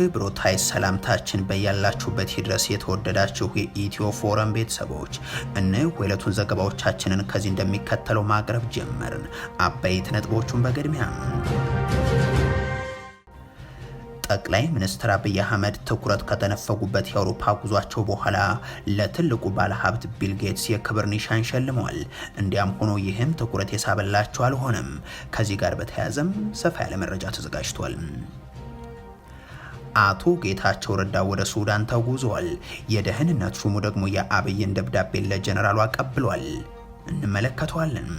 ክብሮታይ ሰላምታችን በያላችሁበት ይድረስ። የተወደዳችሁ የኢትዮ ፎረም ቤተሰቦች እነሆ ሁለቱን ዘገባዎቻችንን ከዚህ እንደሚከተለው ማቅረብ ጀመርን። አበይት ነጥቦቹን በቅድሚያ ጠቅላይ ሚኒስትር አብይ አህመድ ትኩረት ከተነፈጉበት የአውሮፓ ጉዟቸው በኋላ ለትልቁ ባለሀብት ቢል ጌትስ የክብር ኒሻን ሸልመዋል። እንዲያም ሆኖ ይህም ትኩረት የሳበላቸው አልሆነም። ከዚህ ጋር በተያያዘም ሰፋ ያለ መረጃ ተዘጋጅቷል። አቶ ጌታቸው ረዳ ወደ ሱዳን ተጉዘዋል። የደህንነት ሹሙ ደግሞ የአብይን ደብዳቤ ለጀነራሉ አቀብሏል። እንመለከተዋለን።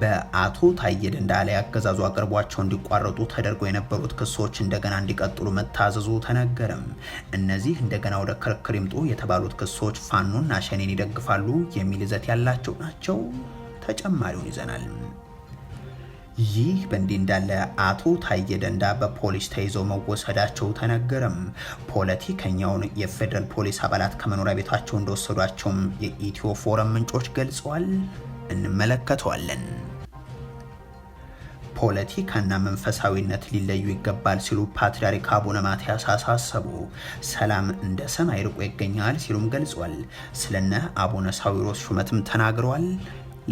በአቶ ታዬ ደንዳ ላይ አገዛዙ አቅርቧቸው እንዲቋረጡ ተደርጎ የነበሩት ክሶች እንደገና እንዲቀጥሉ መታዘዙ ተነገረም። እነዚህ እንደገና ወደ ክርክር ይምጡ የተባሉት ክሶች ፋኖና ሸኔን ይደግፋሉ የሚል ይዘት ያላቸው ናቸው። ተጨማሪውን ይዘናል። ይህ በእንዲህ እንዳለ አቶ ታዬ ደንዳ በፖሊስ ተይዘው መወሰዳቸው ተነገረም። ፖለቲከኛውን የፌዴራል ፖሊስ አባላት ከመኖሪያ ቤታቸው እንደወሰዷቸውም የኢትዮ ፎረም ምንጮች ገልጸዋል። እንመለከተዋለን። ፖለቲካና መንፈሳዊነት ሊለዩ ይገባል ሲሉ ፓትርያርክ አቡነ ማትያስ አሳሰቡ። ሰላም እንደ ሰማይ ርቆ ይገኛል ሲሉም ገልጿል። ስለነ አቡነ ሳዊሮስ ሹመትም ተናግረዋል።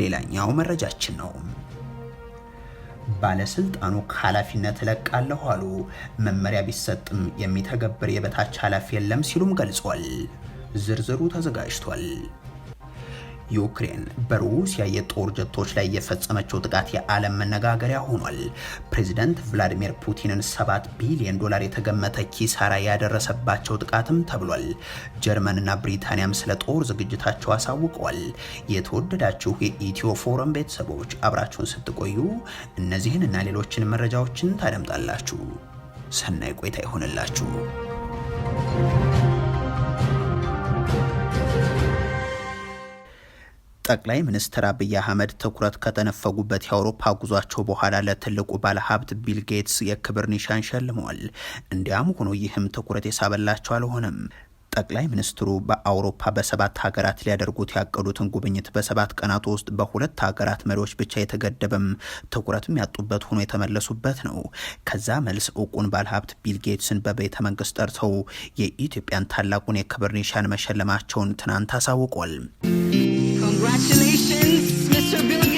ሌላኛው መረጃችን ነው። ባለስልጣኑ ከኃላፊነት እለቃለሁ አሉ። መመሪያ ቢሰጥም የሚተገብር የበታች ኃላፊ የለም ሲሉም ገልጿል። ዝርዝሩ ተዘጋጅቷል። ዩክሬን በሩሲያ የጦር ጀቶች ላይ የፈጸመችው ጥቃት የዓለም መነጋገሪያ ሆኗል። ፕሬዚደንት ቭላዲሚር ፑቲንን 7 ቢሊዮን ዶላር የተገመተ ኪሳራ ያደረሰባቸው ጥቃትም ተብሏል። ጀርመንና ብሪታንያም ስለ ጦር ዝግጅታቸው አሳውቀዋል። የተወደዳችሁ የኢትዮ ፎረም ቤተሰቦች አብራችሁን ስትቆዩ እነዚህን እና ሌሎችን መረጃዎችን ታደምጣላችሁ። ሰናይ ቆይታ ይሆንላችሁ። ጠቅላይ ሚኒስትር አብይ አህመድ ትኩረት ከተነፈጉበት የአውሮፓ ጉዟቸው በኋላ ለትልቁ ባለሀብት ቢል ጌትስ የክብር ኒሻን ሸልመዋል። እንዲያም ሆኖ ይህም ትኩረት የሳበላቸው አልሆነም። ጠቅላይ ሚኒስትሩ በአውሮፓ በሰባት ሀገራት ሊያደርጉት ያቀዱትን ጉብኝት በሰባት ቀናት ውስጥ በሁለት ሀገራት መሪዎች ብቻ የተገደበም ትኩረትም ያጡበት ሆኖ የተመለሱበት ነው። ከዛ መልስ እውቁን ባለሀብት ቢል ጌትስን በቤተ መንግስት ጠርተው የኢትዮጵያን ታላቁን የክብር ኒሻን መሸለማቸውን ትናንት አሳውቋል። Congratulations, Mr. Bill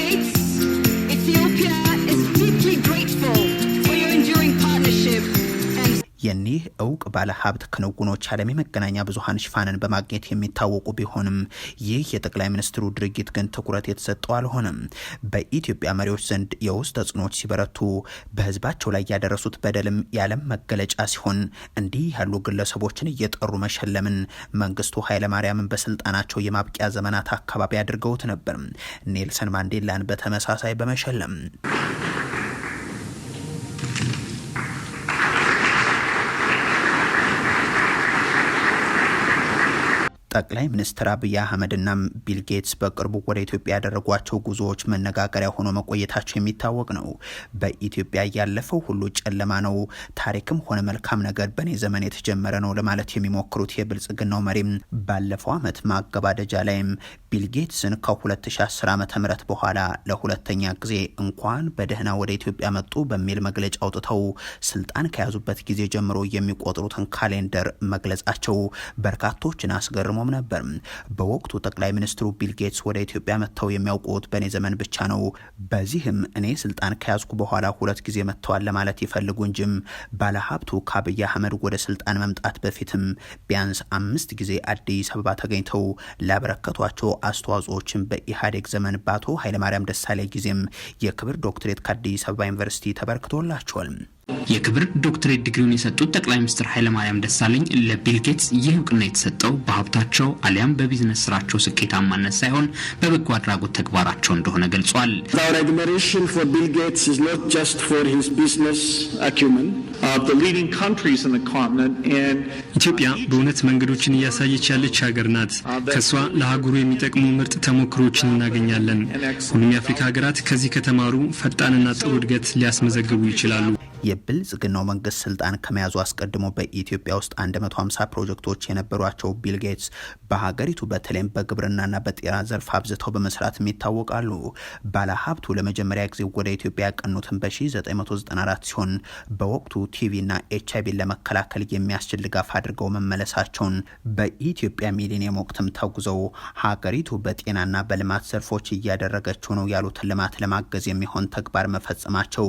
የኒህ እውቅ ባለሀብት ክንውኖች ዓለም የመገናኛ ብዙሀን ሽፋንን በማግኘት የሚታወቁ ቢሆንም ይህ የጠቅላይ ሚኒስትሩ ድርጊት ግን ትኩረት የተሰጠው አልሆነም። በኢትዮጵያ መሪዎች ዘንድ የውስጥ ተጽዕኖዎች ሲበረቱ በህዝባቸው ላይ ያደረሱት በደልም የዓለም መገለጫ ሲሆን እንዲህ ያሉ ግለሰቦችን እየጠሩ መሸለምን መንግስቱ ኃይለማርያምን በስልጣናቸው የማብቂያ ዘመናት አካባቢ አድርገውት ነበር። ኔልሰን ማንዴላን በተመሳሳይ በመሸለም ጠቅላይ ሚኒስትር አብይ አህመድና ቢል ጌትስ በቅርቡ ወደ ኢትዮጵያ ያደረጓቸው ጉዞዎች መነጋገሪያ ሆኖ መቆየታቸው የሚታወቅ ነው። በኢትዮጵያ ያለፈው ሁሉ ጨለማ ነው፣ ታሪክም ሆነ መልካም ነገር በእኔ ዘመን የተጀመረ ነው ለማለት የሚሞክሩት የብልጽግናው መሪም ባለፈው ዓመት ማገባደጃ ላይም ቢል ጌትስን ከ2010 ዓ ም በኋላ ለሁለተኛ ጊዜ እንኳን በደህና ወደ ኢትዮጵያ መጡ በሚል መግለጫ አውጥተው ስልጣን ከያዙበት ጊዜ ጀምሮ የሚቆጥሩትን ካሌንደር መግለጻቸው በርካቶችን አስገርሞ ተቃውሞም ነበር። በወቅቱ ጠቅላይ ሚኒስትሩ ቢል ጌትስ ወደ ኢትዮጵያ መጥተው የሚያውቁት በእኔ ዘመን ብቻ ነው። በዚህም እኔ ስልጣን ከያዝኩ በኋላ ሁለት ጊዜ መጥተዋል ለማለት ይፈልጉ እንጂም ባለሀብቱ ከአብይ አህመድ ወደ ስልጣን መምጣት በፊትም ቢያንስ አምስት ጊዜ አዲስ አበባ ተገኝተው ላበረከቷቸው አስተዋጽኦችን በኢህአዴግ ዘመን በአቶ ኃይለማርያም ደሳለኝ ጊዜም የክብር ዶክትሬት ከአዲስ አበባ ዩኒቨርሲቲ ተበርክቶላቸዋል። የክብር ዶክትሬት ዲግሪውን የሰጡት ጠቅላይ ሚኒስትር ኃይለማርያም ደሳለኝ ለቢል ጌትስ ይህ እውቅና የተሰጠው በሀብታቸው አሊያም በቢዝነስ ስራቸው ስኬታማነት ሳይሆን በበጎ አድራጎት ተግባራቸው እንደሆነ ገልጿል። ኢትዮጵያ በእውነት መንገዶችን እያሳየች ያለች ሀገር ናት። ከእሷ ለሀገሩ የሚጠቅሙ ምርጥ ተሞክሮችን እናገኛለን። ሁሉም የአፍሪካ ሀገራት ከዚህ ከተማሩ ፈጣንና ጥሩ እድገት ሊያስመዘግቡ ይችላሉ። የብልጽግናው መንግስት ስልጣን ከመያዙ አስቀድሞ በኢትዮጵያ ውስጥ 150 ፕሮጀክቶች የነበሯቸው ቢል ጌትስ በሀገሪቱ በተለይም በግብርናና በጤና ዘርፍ አብዝተው በመስራትም ይታወቃሉ። ባለሀብቱ ለመጀመሪያ ጊዜ ወደ ኢትዮጵያ ያቀኑትን በ1994 ሲሆን በወቅቱ ቲቪና ኤች አይቪን ለመከላከል የሚያስችል ድጋፍ አድርገው መመለሳቸውን በኢትዮጵያ ሚሊኒየም ወቅትም ተጉዘው ሀገሪቱ በጤናና በልማት ዘርፎች እያደረገችው ነው ያሉትን ልማት ለማገዝ የሚሆን ተግባር መፈጸማቸው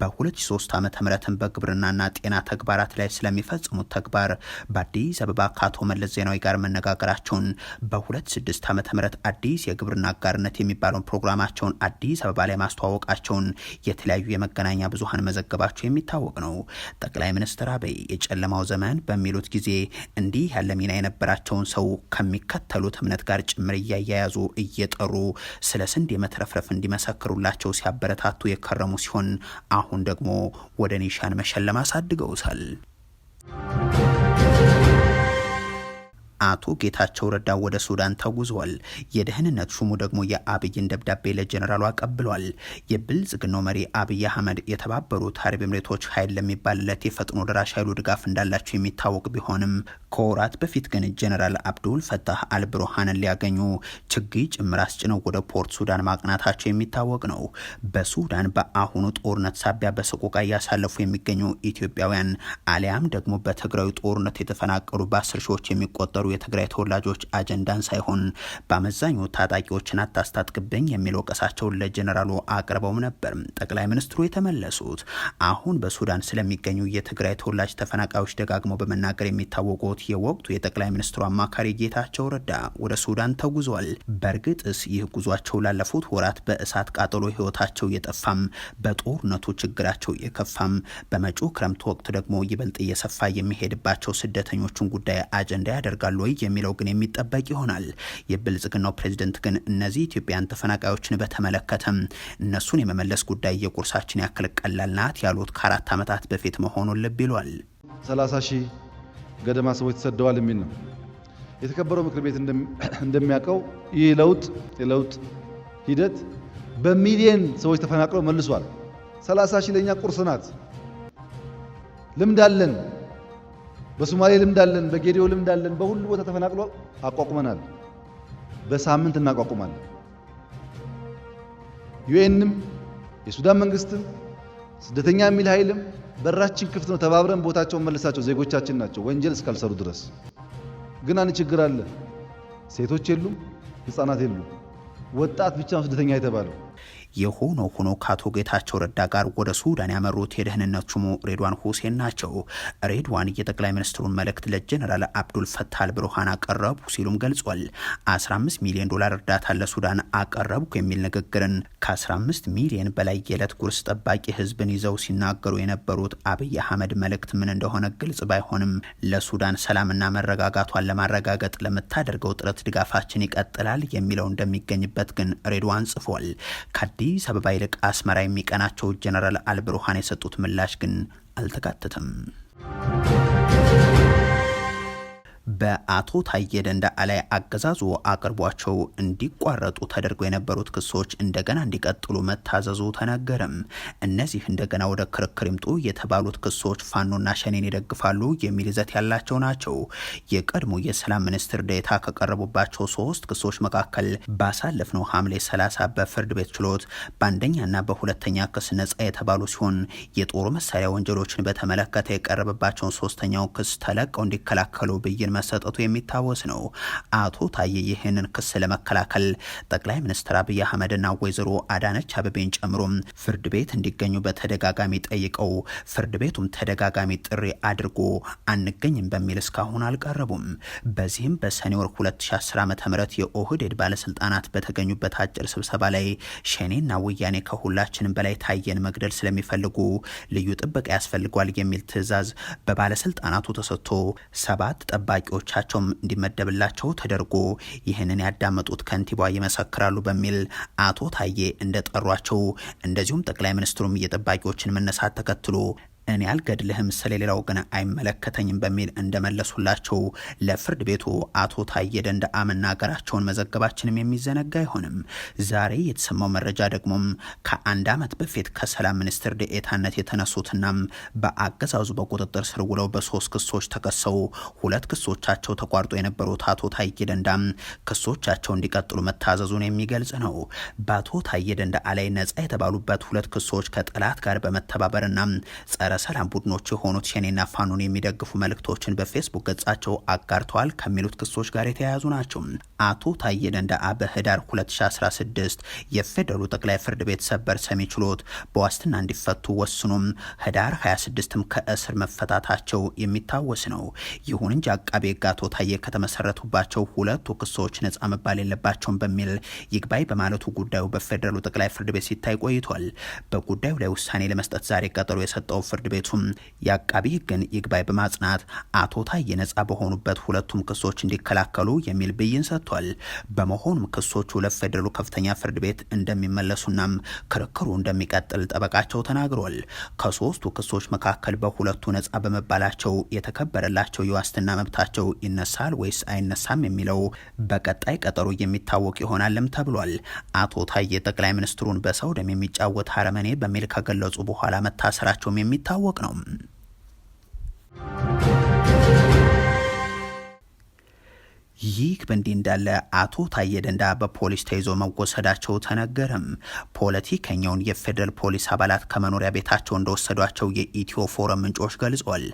በ2003 ምህረትን በግብርናና ጤና ተግባራት ላይ ስለሚፈጽሙት ተግባር በአዲስ አበባ ከአቶ መለስ ዜናዊ ጋር መነጋገራቸውን በ26 ዓ ም አዲስ የግብርና አጋርነት የሚባለውን ፕሮግራማቸውን አዲስ አበባ ላይ ማስተዋወቃቸውን የተለያዩ የመገናኛ ብዙሀን መዘገባቸው የሚታወቅ ነው። ጠቅላይ ሚኒስትር አብይ የጨለማው ዘመን በሚሉት ጊዜ እንዲህ ያለ ሚና የነበራቸውን ሰው ከሚከተሉት እምነት ጋር ጭምር እያያያዙ እየጠሩ ስለ ስንዴ መትረፍረፍ እንዲመሰክሩላቸው ሲያበረታቱ የከረሙ ሲሆን አሁን ደግሞ ወደ ኒሻን መሸለም አሳድገውታል። አቶ ጌታቸው ረዳ ወደ ሱዳን ተጉዟል። የደህንነት ሹሙ ደግሞ የአብይን ደብዳቤ ለጀኔራሉ አቀብሏል። የብልጽግናው መሪ አብይ አህመድ የተባበሩት አረብ ኤምሬቶች ኃይል ለሚባልለት የፈጥኖ ደራሽ ኃይሉ ድጋፍ እንዳላቸው የሚታወቅ ቢሆንም ከወራት በፊት ግን ጀኔራል አብዱል ፈታህ አልብሩሃንን ሊያገኙ ችግኝ ጭምር አስጭነው ወደ ፖርት ሱዳን ማቅናታቸው የሚታወቅ ነው። በሱዳን በአሁኑ ጦርነት ሳቢያ በሰቆቃ እያሳለፉ የሚገኙ ኢትዮጵያውያን አሊያም ደግሞ በትግራዊ ጦርነት የተፈናቀሉ በአስር ሺዎች የሚቆጠሩ የትግራይ ተወላጆች አጀንዳን ሳይሆን በአመዛኙ ታጣቂዎችን አታስታጥቅብኝ የሚል ወቀሳቸውን ለጀኔራሉ አቅርበውም ነበር ጠቅላይ ሚኒስትሩ የተመለሱት። አሁን በሱዳን ስለሚገኙ የትግራይ ተወላጅ ተፈናቃዮች ደጋግመው በመናገር የሚታወቁት የወቅቱ የጠቅላይ ሚኒስትሩ አማካሪ ጌታቸው ረዳ ወደ ሱዳን ተጉዟል። በእርግጥስ ይህ ጉዟቸው ላለፉት ወራት በእሳት ቃጠሎ ህይወታቸው የጠፋም፣ በጦርነቱ ችግራቸው የከፋም፣ በመጪው ክረምት ወቅት ደግሞ ይበልጥ እየሰፋ የሚሄድባቸው ስደተኞቹን ጉዳይ አጀንዳ ያደርጋሉ ወይ የሚለው ግን የሚጠበቅ ይሆናል። የብልጽግናው ፕሬዝደንት ግን እነዚህ ኢትዮጵያን ተፈናቃዮችን በተመለከተም እነሱን የመመለስ ጉዳይ የቁርሳችን ያክል ቀላል ናት ያሉት ከአራት ዓመታት በፊት መሆኑን ልብ ይሏል። 30 ሺህ ገደማ ሰዎች ተሰደዋል የሚል ነው የተከበረው ምክር ቤት እንደሚያውቀው ይህ ለውጥ የለውጥ ሂደት በሚሊየን ሰዎች ተፈናቅለው መልሷል። 30 ሺህ ለእኛ ቁርስ ናት። ልምድ አለን። በሶማሌ ልምድ አለን፣ በጌዲዮ ልምድ አለን። በሁሉ ቦታ ተፈናቅሎ አቋቁመናል። በሳምንት እናቋቁማለን። ዩኤንም የሱዳን መንግስትም ስደተኛ የሚል ኃይልም በራችን ክፍት ነው። ተባብረን ቦታቸውን መልሳቸው ዜጎቻችን ናቸው፣ ወንጀል እስካልሰሩ ድረስ። ግን አንድ ችግር አለ። ሴቶች የሉም፣ ህፃናት የሉም። ወጣት ብቻ ነው ስደተኛ የተባለው። የሆኖ ሆኖ ከአቶ ጌታቸው ረዳ ጋር ወደ ሱዳን ያመሩት የደህንነት ሹሙ ሬድዋን ሁሴን ናቸው። ሬድዋን የጠቅላይ ሚኒስትሩን መልእክት ለጀነራል አብዱል ፈታል ብሩሃን አቀረቡ ሲሉም ገልጿል። 15 ሚሊዮን ዶላር እርዳታ ለሱዳን አቀረቡ የሚል ንግግርን ከ15 ሚሊዮን በላይ የዕለት ጉርስ ጠባቂ ህዝብን ይዘው ሲናገሩ የነበሩት አብይ አህመድ መልእክት ምን እንደሆነ ግልጽ ባይሆንም ለሱዳን ሰላምና መረጋጋቷን ለማረጋገጥ ለምታደርገው ጥረት ድጋፋችን ይቀጥላል የሚለው እንደሚገኝበት ግን ሬድዋን ጽፏል። ከአዲስ አበባ ይልቅ አስመራ የሚቀናቸው ጀነራል አልብሩሃን የሰጡት ምላሽ ግን አልተካተተም። በአቶ ታዬ ደንደዓ ላይ አገዛዙ አቅርቧቸው እንዲቋረጡ ተደርገው የነበሩት ክሶች እንደገና እንዲቀጥሉ መታዘዙ ተነገረም። እነዚህ እንደገና ወደ ክርክር ይምጡ የተባሉት ክሶች ፋኖና ሸኔን ይደግፋሉ የሚል ይዘት ያላቸው ናቸው። የቀድሞ የሰላም ሚኒስትር ዴታ ከቀረቡባቸው ሶስት ክሶች መካከል ባሳለፍነው ሐምሌ 30 በፍርድ ቤት ችሎት በአንደኛና በሁለተኛ ክስ ነጻ የተባሉ ሲሆን የጦር መሳሪያ ወንጀሎችን በተመለከተ የቀረበባቸውን ሶስተኛው ክስ ተለቀው እንዲከላከሉ ብይን መሰጠቱ የሚታወስ ነው። አቶ ታዬ ይህንን ክስ ለመከላከል ጠቅላይ ሚኒስትር አብይ አህመድና ወይዘሮ አዳነች አበቤን ጨምሮ ፍርድ ቤት እንዲገኙ በተደጋጋሚ ጠይቀው ፍርድ ቤቱም ተደጋጋሚ ጥሪ አድርጎ አንገኝም በሚል እስካሁን አልቀረቡም። በዚህም በሰኔ ወር 2010 ዓ ም የኦህዴድ ባለስልጣናት በተገኙበት አጭር ስብሰባ ላይ ሸኔና ወያኔ ከሁላችንም በላይ ታየን መግደል ስለሚፈልጉ ልዩ ጥበቃ ያስፈልጓል የሚል ትዕዛዝ በባለስልጣናቱ ተሰጥቶ ሰባት ጠባቂ ጥያቄዎቻቸውም እንዲመደብላቸው ተደርጎ ይህንን ያዳመጡት ከንቲባ ይመሰክራሉ በሚል አቶ ታዬ እንደጠሯቸው እንደዚሁም ጠቅላይ ሚኒስትሩም የጠባቂዎችን መነሳት ተከትሎ እኔ አልገድልህም ስለሌላው ግን አይመለከተኝም በሚል እንደመለሱላቸው ለፍርድ ቤቱ አቶ ታዬ ደንደአ መናገራቸውን መዘገባችንም የሚዘነጋ አይሆንም። ዛሬ የተሰማው መረጃ ደግሞም ከአንድ ዓመት በፊት ከሰላም ሚኒስትር ዴኤታነት የተነሱትናም በአገዛዙ በቁጥጥር ስር ውለው በሶስት ክሶች ተከሰው ሁለት ክሶቻቸው ተቋርጦ የነበሩት አቶ ታዬ ደንዳም ክሶቻቸው እንዲቀጥሉ መታዘዙን የሚገልጽ ነው። በአቶ ታዬ ደንደአ ላይ ነጻ የተባሉበት ሁለት ክሶች ከጠላት ጋር በመተባበርና ጸረ የሰላም ቡድኖች የሆኑት ሸኔና ፋኖን የሚደግፉ መልእክቶችን በፌስቡክ ገጻቸው አጋርተዋል ከሚሉት ክሶች ጋር የተያያዙ ናቸው። አቶ ታዬ ደንደአ በህዳር 2016 የፌደራሉ ጠቅላይ ፍርድ ቤት ሰበር ሰሚ ችሎት በዋስትና እንዲፈቱ ወስኖም ህዳር 26ም ከእስር መፈታታቸው የሚታወስ ነው። ይሁን እንጂ አቃቤ ህግ አቶ ታዬ ከተመሰረቱባቸው ሁለቱ ክሶች ነጻ መባል የለባቸውም በሚል ይግባይ በማለቱ ጉዳዩ በፌደራሉ ጠቅላይ ፍርድ ቤት ሲታይ ቆይቷል። በጉዳዩ ላይ ውሳኔ ለመስጠት ዛሬ ቀጠሮ የሰጠው ፍርድ ቤቱም የአቃቢ ህግን ይግባይ በማጽናት አቶ ታዬ ነጻ በሆኑበት ሁለቱም ክሶች እንዲከላከሉ የሚል ብይን ሰጥቷል። በመሆኑም ክሶቹ ለፌዴራሉ ከፍተኛ ፍርድ ቤት እንደሚመለሱና ክርክሩ እንደሚቀጥል ጠበቃቸው ተናግሯል። ከሶስቱ ክሶች መካከል በሁለቱ ነጻ በመባላቸው የተከበረላቸው የዋስትና መብታቸው ይነሳል ወይስ አይነሳም የሚለው በቀጣይ ቀጠሮ የሚታወቅ ይሆናልም ተብሏል። አቶ ታዬ ጠቅላይ ሚኒስትሩን በሰው ደም የሚጫወት አረመኔ በሚል ከገለጹ በኋላ መታሰራቸውም የሚታወ የሚታወቅ ነው። ይህ በእንዲህ እንዳለ አቶ ታየ ደንዳ በፖሊስ ተይዞ መወሰዳቸው ተነገረም። ፖለቲከኛውን የፌደራል ፖሊስ አባላት ከመኖሪያ ቤታቸው እንደወሰዷቸው የኢትዮ ፎረም ምንጮች ገልጿል።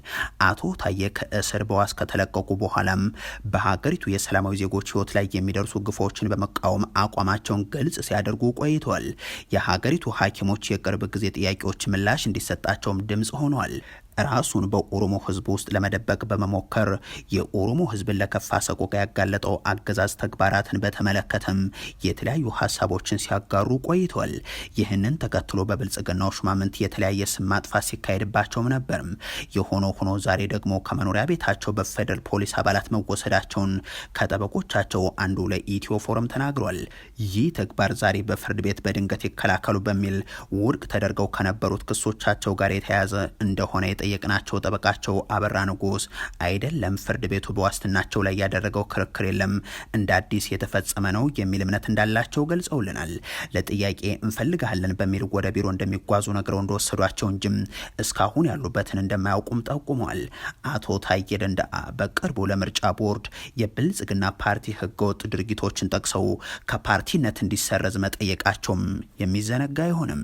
አቶ ታየ ከእስር በዋስ ከተለቀቁ በኋላም በሀገሪቱ የሰላማዊ ዜጎች ሕይወት ላይ የሚደርሱ ግፎችን በመቃወም አቋማቸውን ግልጽ ሲያደርጉ ቆይተዋል። የሀገሪቱ ሐኪሞች የቅርብ ጊዜ ጥያቄዎች ምላሽ እንዲሰጣቸውም ድምጽ ሆኗል። ራሱን በኦሮሞ ህዝብ ውስጥ ለመደበቅ በመሞከር የኦሮሞ ህዝብን ለከፋ ሰቆቃ ያጋለጠው አገዛዝ ተግባራትን በተመለከተም የተለያዩ ሀሳቦችን ሲያጋሩ ቆይቷል። ይህንን ተከትሎ በብልጽግናው ሹማምንት የተለያየ ስም ማጥፋት ሲካሄድባቸውም ነበርም። የሆኖ ሆኖ ዛሬ ደግሞ ከመኖሪያ ቤታቸው በፌደራል ፖሊስ አባላት መወሰዳቸውን ከጠበቆቻቸው አንዱ ለኢትዮ ፎረም ተናግሯል። ይህ ተግባር ዛሬ በፍርድ ቤት በድንገት ይከላከሉ በሚል ውድቅ ተደርገው ከነበሩት ክሶቻቸው ጋር የተያያዘ እንደሆነ የጠየቅናቸው ጠበቃቸው አበራ ንጉስ አይደለም ፍርድ ቤቱ በዋስትናቸው ላይ ያደረገው ክርክር የለም እንደ አዲስ የተፈጸመ ነው የሚል እምነት እንዳላቸው ገልጸውልናል። ለጥያቄ እንፈልግሃለን በሚል ወደ ቢሮ እንደሚጓዙ ነግረው እንደወሰዷቸው እንጂም እስካሁን ያሉበትን እንደማያውቁም ጠቁመዋል። አቶ ታዬ ደንደአ በቅርቡ ለምርጫ ቦርድ የብልጽግና ፓርቲ ህገወጥ ድርጊቶችን ጠቅሰው ከፓርቲነት እንዲሰረዝ መጠየቃቸውም የሚዘነጋ አይሆንም።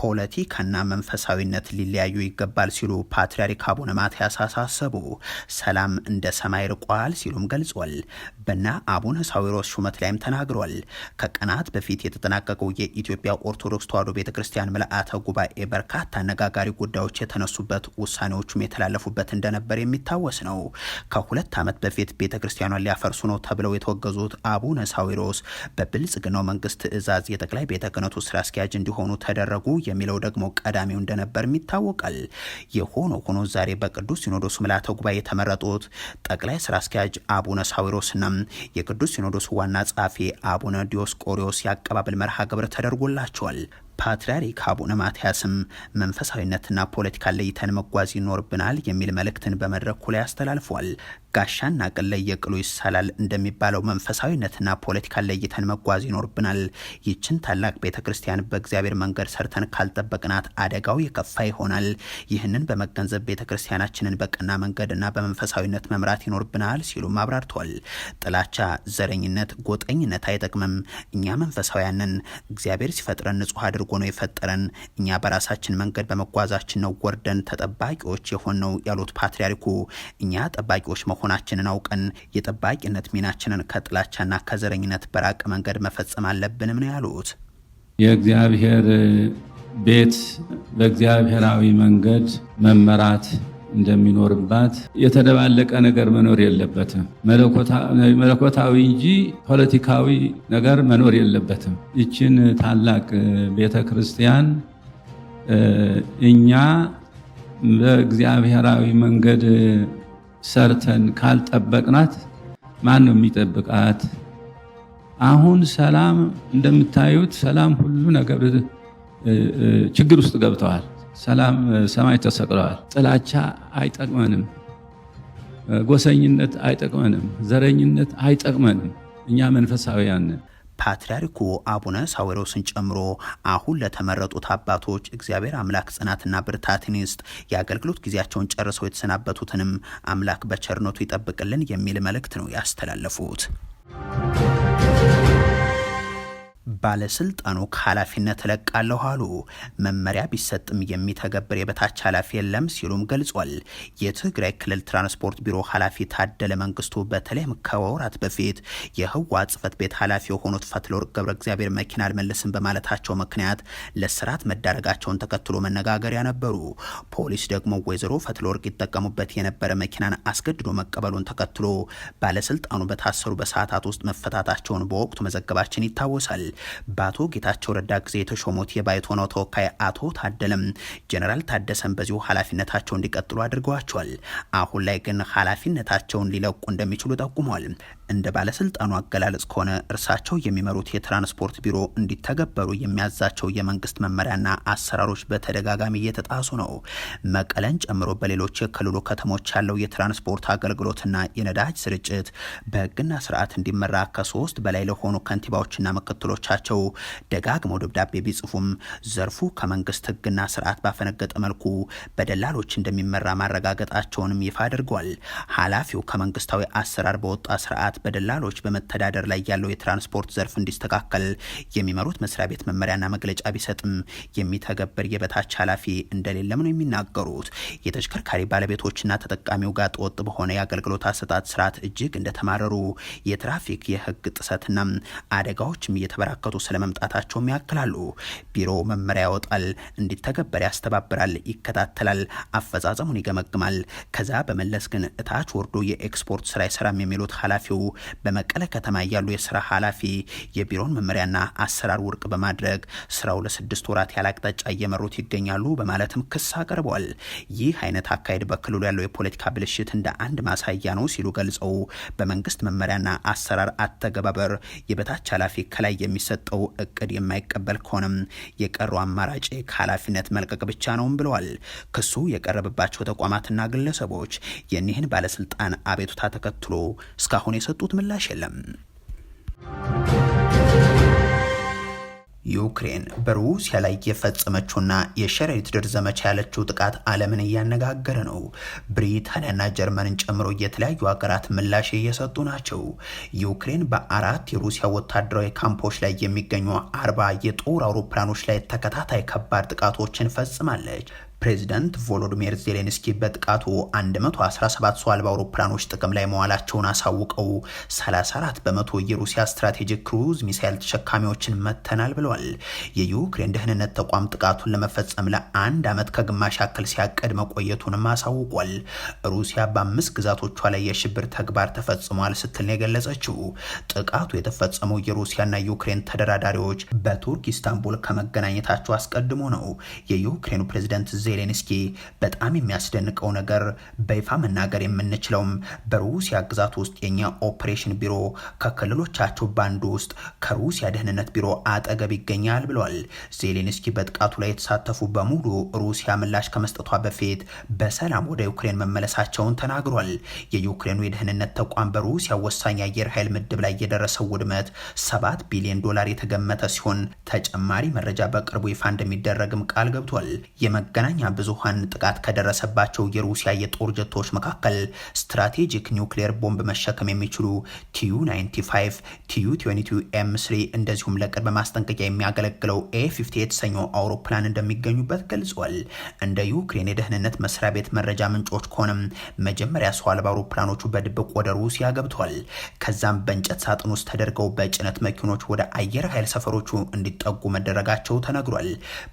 ፖለቲካና መንፈሳዊነት ሊለያዩ ይገባል ሲሉ ፓትርያርክ አቡነ ማትያስ አሳሰቡ። ሰላም እንደ ሰማይ ርቋል ሲሉም ገልጿል። በና አቡነ ሳዊሮስ ሹመት ላይም ተናግሯል። ከቀናት በፊት የተጠናቀቀው የኢትዮጵያ ኦርቶዶክስ ተዋሕዶ ቤተ ክርስቲያን ምልአተ ጉባኤ በርካታ አነጋጋሪ ጉዳዮች የተነሱበት ውሳኔዎቹም የተላለፉበት እንደነበር የሚታወስ ነው። ከሁለት ዓመት በፊት ቤተ ክርስቲያኗን ሊያፈርሱ ነው ተብለው የተወገዙት አቡነ ሳዊሮስ በብልጽግናው መንግስት ትእዛዝ የጠቅላይ ቤተ ክህነቱ ስራ አስኪያጅ እንዲሆኑ ተደረጉ የሚለው ደግሞ ቀዳሚው እንደነበርም ይታወቃል። የሆኖ ሆኖ ዛሬ በቅዱስ ሲኖዶስ ምልዓተ ጉባኤ የተመረጡት ጠቅላይ ስራ አስኪያጅ አቡነ ሳዊሮስና የቅዱስ ሲኖዶስ ዋና ጸሐፊ አቡነ ዲዮስቆሪዎስ የአቀባበል መርሃ ግብር ተደርጎላቸዋል። ፓትርያርክ አቡነ ማትያስም መንፈሳዊነትና ፖለቲካ ለይተን መጓዝ ይኖርብናል የሚል መልእክትን በመድረኩ ላይ አስተላልፏል። ጋሻና ቅል ለየቅሉ ይሳላል እንደሚባለው መንፈሳዊነትና ፖለቲካ ለይተን መጓዝ ይኖርብናል። ይችን ታላቅ ቤተ ክርስቲያን በእግዚአብሔር መንገድ ሰርተን ካልጠበቅናት አደጋው የከፋ ይሆናል። ይህንን በመገንዘብ ቤተ ክርስቲያናችንን በቀና መንገድና በመንፈሳዊነት መምራት ይኖርብናል ሲሉም አብራርቷል። ጥላቻ፣ ዘረኝነት፣ ጎጠኝነት አይጠቅምም። እኛ መንፈሳውያንን እግዚአብሔር ሲፈጥረን ንጹህ አድርጎ ነው የፈጠረን። እኛ በራሳችን መንገድ በመጓዛችን ነው ወርደን ተጠባቂዎች የሆን ነው ያሉት ፓትርያርኩ እኛ ጠባቂዎች መሆን መሆናችንን አውቀን የጠባቂነት ሚናችንን ከጥላቻና ከዘረኝነት በራቀ መንገድ መፈጸም አለብንም ነው ያሉት። የእግዚአብሔር ቤት በእግዚአብሔራዊ መንገድ መመራት እንደሚኖርባት የተደባለቀ ነገር መኖር የለበትም። መለኮታዊ እንጂ ፖለቲካዊ ነገር መኖር የለበትም። ይችን ታላቅ ቤተ ክርስቲያን እኛ በእግዚአብሔራዊ መንገድ ሰርተን ካልጠበቅናት ማን ነው የሚጠብቃት? አሁን ሰላም እንደምታዩት ሰላም ሁሉ ነገር ችግር ውስጥ ገብተዋል። ሰላም ሰማይ ተሰቅለዋል። ጥላቻ አይጠቅመንም፣ ጎሰኝነት አይጠቅመንም፣ ዘረኝነት አይጠቅመንም። እኛ መንፈሳዊያን ነን። ፓትርያርኩ አቡነ ሳዊሮስን ጨምሮ አሁን ለተመረጡት አባቶች እግዚአብሔር አምላክ ጽናትና ብርታትን ይስጥ፣ የአገልግሎት ጊዜያቸውን ጨርሰው የተሰናበቱትንም አምላክ በቸርነቱ ይጠብቅልን የሚል መልእክት ነው ያስተላለፉት። ባለስልጣኑ ከኃላፊነት እለቃለሁ አሉ። መመሪያ ቢሰጥም የሚተገብር የበታች ኃላፊ የለም ሲሉም ገልጿል። የትግራይ ክልል ትራንስፖርት ቢሮ ኃላፊ ታደለ መንግስቱ በተለይም ከወራት በፊት የህዋ ጽህፈት ቤት ኃላፊ የሆኑት ፈትለወርቅ ገብረ እግዚአብሔር መኪና አልመልስም በማለታቸው ምክንያት ለስርዓት መዳረጋቸውን ተከትሎ መነጋገሪያ ነበሩ። ፖሊስ ደግሞ ወይዘሮ ፈትለወርቅ ይጠቀሙበት የነበረ መኪናን አስገድዶ መቀበሉን ተከትሎ ባለስልጣኑ በታሰሩ በሰዓታት ውስጥ መፈታታቸውን በወቅቱ መዘገባችን ይታወሳል። በአቶ ጌታቸው ረዳ ጊዜ የተሾሙት የባይት ሆነው ተወካይ አቶ ታደለም ጀነራል ታደሰን በዚሁ ኃላፊነታቸው እንዲቀጥሉ አድርገዋቸዋል። አሁን ላይ ግን ኃላፊነታቸውን ሊለቁ እንደሚችሉ ጠቁሟል። እንደ ባለስልጣኑ አገላለጽ ከሆነ እርሳቸው የሚመሩት የትራንስፖርት ቢሮ እንዲተገበሩ የሚያዛቸው የመንግስት መመሪያና አሰራሮች በተደጋጋሚ እየተጣሱ ነው። መቀለን ጨምሮ በሌሎች የክልሉ ከተሞች ያለው የትራንስፖርት አገልግሎትና የነዳጅ ስርጭት በህግና ስርዓት እንዲመራ ከሶስት በላይ ለሆኑ ከንቲባዎችና ምክትሎቻቸው ደጋግመው ደብዳቤ ቢጽፉም ዘርፉ ከመንግስት ህግና ስርዓት ባፈነገጠ መልኩ በደላሎች እንደሚመራ ማረጋገጣቸውንም ይፋ አድርጓል። ኃላፊው ከመንግስታዊ አሰራር በወጣ ስርዓት በደላሎች በመተዳደር ላይ ያለው የትራንስፖርት ዘርፍ እንዲስተካከል የሚመሩት መስሪያ ቤት መመሪያና መግለጫ ቢሰጥም የሚተገበር የበታች ኃላፊ እንደሌለም ነው የሚናገሩት። የተሽከርካሪ ባለቤቶችና ተጠቃሚው ጋጥ ወጥ በሆነ የአገልግሎት አሰጣጥ ስርዓት እጅግ እንደተማረሩ የትራፊክ የህግ ጥሰትና አደጋዎችም እየተበራከቱ ስለመምጣታቸውም ያክላሉ። ቢሮ መመሪያ ያወጣል፣ እንዲተገበር ያስተባብራል፣ ይከታተላል፣ አፈጻጸሙን ይገመግማል። ከዛ በመለስ ግን እታች ወርዶ የኤክስፖርት ስራ ይሰራም የሚሉት ኃላፊው በመቀለ ከተማ ያሉ የስራ ኃላፊ የቢሮን መመሪያና አሰራር ውድቅ በማድረግ ስራው ለስድስት ወራት ያለ አቅጣጫ እየመሩት ይገኛሉ በማለትም ክስ አቅርበዋል። ይህ አይነት አካሄድ በክልሉ ያለው የፖለቲካ ብልሽት እንደ አንድ ማሳያ ነው ሲሉ ገልጸው በመንግስት መመሪያና አሰራር አተገባበር የበታች ኃላፊ ከላይ የሚሰጠው እቅድ የማይቀበል ከሆነም የቀረው አማራጭ ከኃላፊነት መልቀቅ ብቻ ነውም ብለዋል። ክሱ የቀረበባቸው ተቋማትና ግለሰቦች የኒህን ባለስልጣን አቤቱታ ተከትሎ እስካሁን የሰጡ የሰጡት ምላሽ የለም። ዩክሬን በሩሲያ ላይ የፈጸመችውና የሸረሪት ድር ዘመቻ ያለችው ጥቃት ዓለምን እያነጋገረ ነው። ብሪታንያና ጀርመንን ጨምሮ የተለያዩ ሀገራት ምላሽ እየሰጡ ናቸው። ዩክሬን በአራት የሩሲያ ወታደራዊ ካምፖች ላይ የሚገኙ አርባ የጦር አውሮፕላኖች ላይ ተከታታይ ከባድ ጥቃቶችን ፈጽማለች። ፕሬዚደንት ቮሎዲሚር ዜሌንስኪ በጥቃቱ 117 ሰው አልባ አውሮፕላኖች ጥቅም ላይ መዋላቸውን አሳውቀው 34 በመቶ የሩሲያ ስትራቴጂክ ክሩዝ ሚሳይል ተሸካሚዎችን መተናል ብለዋል። የዩክሬን ደህንነት ተቋም ጥቃቱን ለመፈጸም ለአንድ ዓመት ከግማሽ ያክል ሲያቀድ መቆየቱንም አሳውቋል። ሩሲያ በአምስት ግዛቶቿ ላይ የሽብር ተግባር ተፈጽሟል ስትል ነው የገለጸችው። ጥቃቱ የተፈጸመው የሩሲያና ዩክሬን ተደራዳሪዎች በቱርክ ኢስታንቡል ከመገናኘታቸው አስቀድሞ ነው። የዩክሬኑ ፕሬዚደንት ዜሌንስኪ በጣም የሚያስደንቀው ነገር በይፋ መናገር የምንችለውም በሩሲያ ግዛት ውስጥ የኛ ኦፕሬሽን ቢሮ ከክልሎቻቸው ባንዱ ውስጥ ከሩሲያ ደህንነት ቢሮ አጠገብ ይገኛል ብለዋል። ዜሌንስኪ በጥቃቱ ላይ የተሳተፉ በሙሉ ሩሲያ ምላሽ ከመስጠቷ በፊት በሰላም ወደ ዩክሬን መመለሳቸውን ተናግሯል። የዩክሬኑ የደህንነት ተቋም በሩሲያ ወሳኝ አየር ኃይል ምድብ ላይ የደረሰው ውድመት ሰባት ቢሊዮን ዶላር የተገመተ ሲሆን ተጨማሪ መረጃ በቅርቡ ይፋ እንደሚደረግም ቃል ገብቷል። የመገናኛ መገናኛ ብዙሃን ጥቃት ከደረሰባቸው የሩሲያ የጦር ጀቶች መካከል ስትራቴጂክ ኒውክሌር ቦምብ መሸከም የሚችሉ ቲዩ 95 ቲዩ 22 ኤም 3 እንደዚሁም ለቅድመ ማስጠንቀቂያ የሚያገለግለው ኤ 50 የተሰኘው አውሮፕላን እንደሚገኙበት ገልጿል። እንደ ዩክሬን የደህንነት መስሪያ ቤት መረጃ ምንጮች ከሆነም መጀመሪያ ሰው አልባ አውሮፕላኖቹ በድብቅ ወደ ሩሲያ ገብቷል። ከዛም በእንጨት ሳጥን ውስጥ ተደርገው በጭነት መኪኖች ወደ አየር ኃይል ሰፈሮቹ እንዲጠጉ መደረጋቸው ተነግሯል።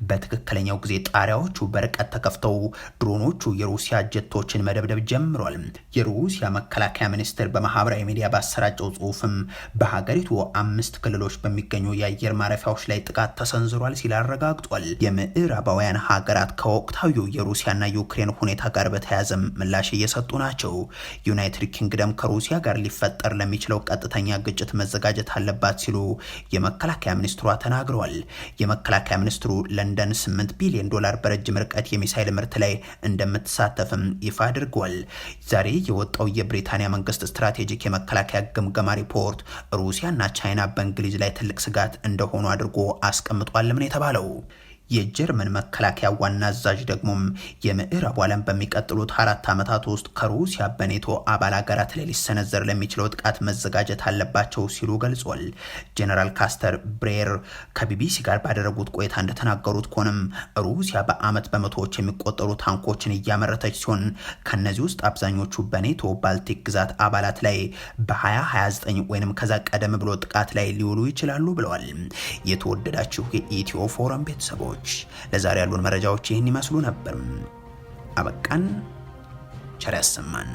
በትክክለኛው ጊዜ ጣሪያዎቹ በርቀ ርቀት ተከፍተው ድሮኖቹ የሩሲያ ጀቶችን መደብደብ ጀምሯል። የሩሲያ መከላከያ ሚኒስቴር በማህበራዊ ሚዲያ ባሰራጨው ጽሁፍም በሀገሪቱ አምስት ክልሎች በሚገኙ የአየር ማረፊያዎች ላይ ጥቃት ተሰንዝሯል ሲል አረጋግጧል። የምዕራባውያን ሀገራት ከወቅታዊው የሩሲያና የዩክሬን ሁኔታ ጋር በተያያዘ ምላሽ እየሰጡ ናቸው። ዩናይትድ ኪንግደም ከሩሲያ ጋር ሊፈጠር ለሚችለው ቀጥተኛ ግጭት መዘጋጀት አለባት ሲሉ የመከላከያ ሚኒስትሯ ተናግረዋል። የመከላከያ ሚኒስትሩ ለንደን 8 ቢሊዮን ዶላር በረጅም ርቀት የኢሳት የሚሳይል ምርት ላይ እንደምትሳተፍም ይፋ አድርጓል። ዛሬ የወጣው የብሪታንያ መንግስት ስትራቴጂክ የመከላከያ ግምገማ ሪፖርት ሩሲያና ቻይና በእንግሊዝ ላይ ትልቅ ስጋት እንደሆኑ አድርጎ አስቀምጧልም ነው የተባለው። የጀርመን መከላከያ ዋና አዛዥ ደግሞም የምዕራቡ ዓለም በሚቀጥሉት አራት ዓመታት ውስጥ ከሩሲያ በኔቶ አባል ሀገራት ላይ ሊሰነዘር ለሚችለው ጥቃት መዘጋጀት አለባቸው ሲሉ ገልጿል። ጀነራል ካስተር ብሬር ከቢቢሲ ጋር ባደረጉት ቆይታ እንደተናገሩት ከሆነም ሩሲያ በዓመት በመቶዎች የሚቆጠሩ ታንኮችን እያመረተች ሲሆን ከእነዚህ ውስጥ አብዛኞቹ በኔቶ ባልቲክ ግዛት አባላት ላይ በ2029 ወይም ከዛ ቀደም ብሎ ጥቃት ላይ ሊውሉ ይችላሉ ብለዋል። የተወደዳችሁ የኢትዮ ፎረም ቤተሰቦች ቤተሰቦች ለዛሬ ያሉን መረጃዎች ይህን ይመስሉ ነበር። አበቃን። ቸር ያሰማን።